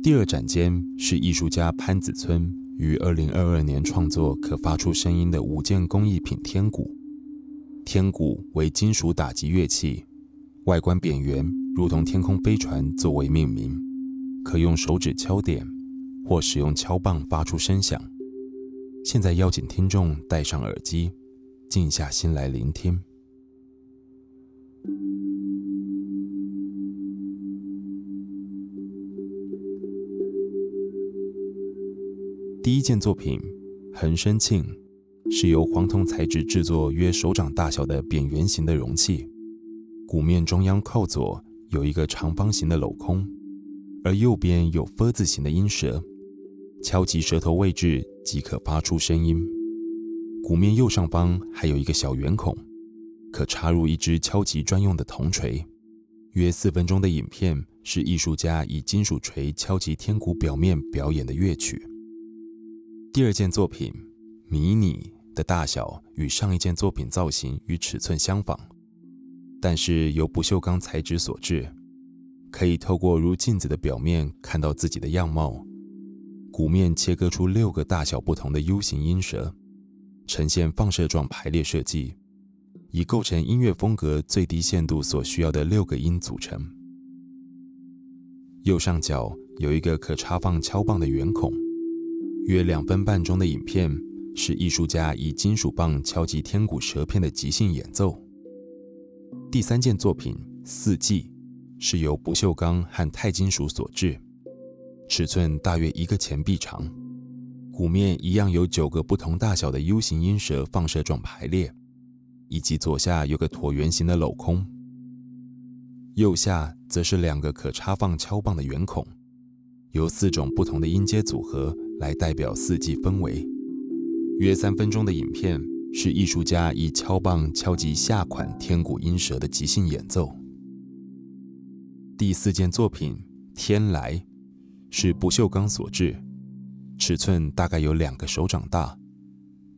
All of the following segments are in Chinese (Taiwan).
第二展間是藝術家潘子村於二零二二年創作可發出聲音的五件工藝品“天鼓”。天鼓為金屬打擊樂器，外觀扁圓，如同天空飛船作為命名，可用手指敲點，或使用敲棒發出聲響。現在邀請聽眾戴上耳機，靜下心來聆聽。第一件作品《恆生罄》是由黃銅材質制作，約手掌大小的扁圓形的容器。鼓面中央靠左有一個長方形的鏤空，而右邊有“戈”字形的音舌，敲擊舌頭位置即可發出聲音。鼓面右上方還有一個小圓孔，可插入一支敲擊專用的銅錘。約四分鐘的影片是藝術家以金屬錘敲擊天鼓表面表演的樂曲。第二件作品，迷你的，的大小與上一件作品造型與尺寸相仿，但是由不鏽鋼材質所製，可以透過如鏡子的表面看到自己的樣貌。鼓面切割出六個大小不同的 U 型音舌，呈現放射狀排列設計，以構成音樂風格最低限度所需要的六個音組成。右上角有一個可插放敲棒的圓孔。約兩分半鐘的影片是藝術家以金屬棒敲擊天鼓舌片的即興演奏。第三件作品《四季》是由不鏽鋼和鈦金屬所制，尺寸大約一個前臂長。鼓面一樣有九個不同大小的 U 型音舌放射狀排列，以及左下有個橢圓形的鏤空，右下則是兩個可插放敲棒的圓孔，由四種不同的音階組合來代表四季氛圍。約三分鐘的影片是藝術家以敲棒敲擊下款天鼓音舌的即興演奏。第四件作品《天來》是不鏽鋼所制，尺寸大概有兩個手掌大。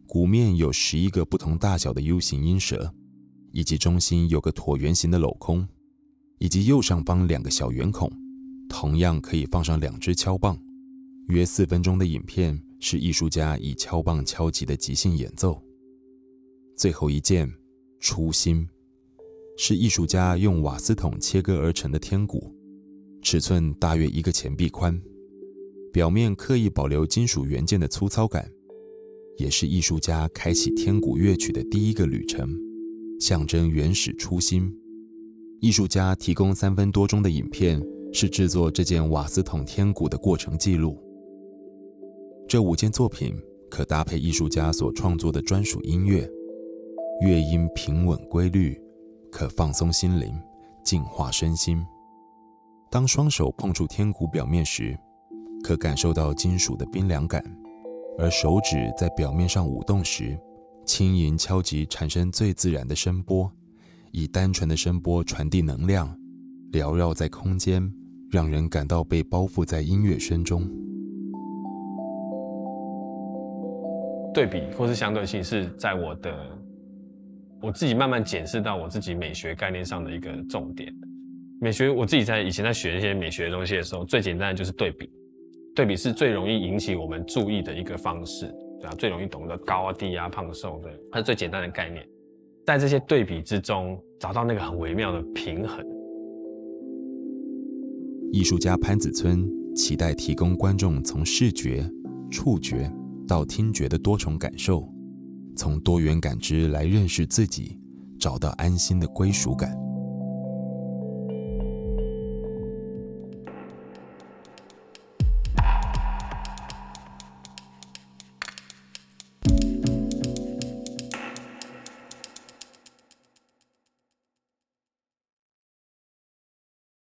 鼓面有十一個不同大小的 U 型音舌，以及中心有個橢圓形的鏤空，以及右上方兩個小圓孔，同樣可以放上兩隻敲棒。約四分鐘的影片是藝術家以敲棒敲擊的即興演奏。最後一件“初心”是藝術家用瓦斯桶切割而成的天鼓，尺寸大約一個前臂寬，表面刻意保留金屬元件的粗糙感，也是藝術家開啟天鼓樂曲的第一個旅程，象徵原始初心。藝術家提供三分多鐘的影片是制作這件瓦斯桶天鼓的過程記錄。這五件作品可搭配藝術家所創作的專屬音樂，樂音平穩規律，可放鬆心靈、淨化身心。當雙手碰觸天鼓表面時，可感受到金屬的冰涼感；而手指在表面上舞動時，輕盈敲擊產生最自然的聲波，以單純的聲波傳遞能量，繚繞在空間，讓人感到被包覆在音樂聲中。對比或是相對性是在我的我自己慢慢檢視到我自己美學概念上的一個重點。美學我自己在以前在學一些美學的東西的時候，最簡單的就是對比，對比是最容易引起我們注意的一個方式，對吧、啊？最容易懂得高啊、低啊、胖瘦的，它是最簡單的概念。在這些對比之中，找到那個很微妙的平衡。藝術家潘子村期待提供觀眾從視覺、觸覺。到聽覺的多重感受，從多元感知來認識自己，找到安心的歸屬感。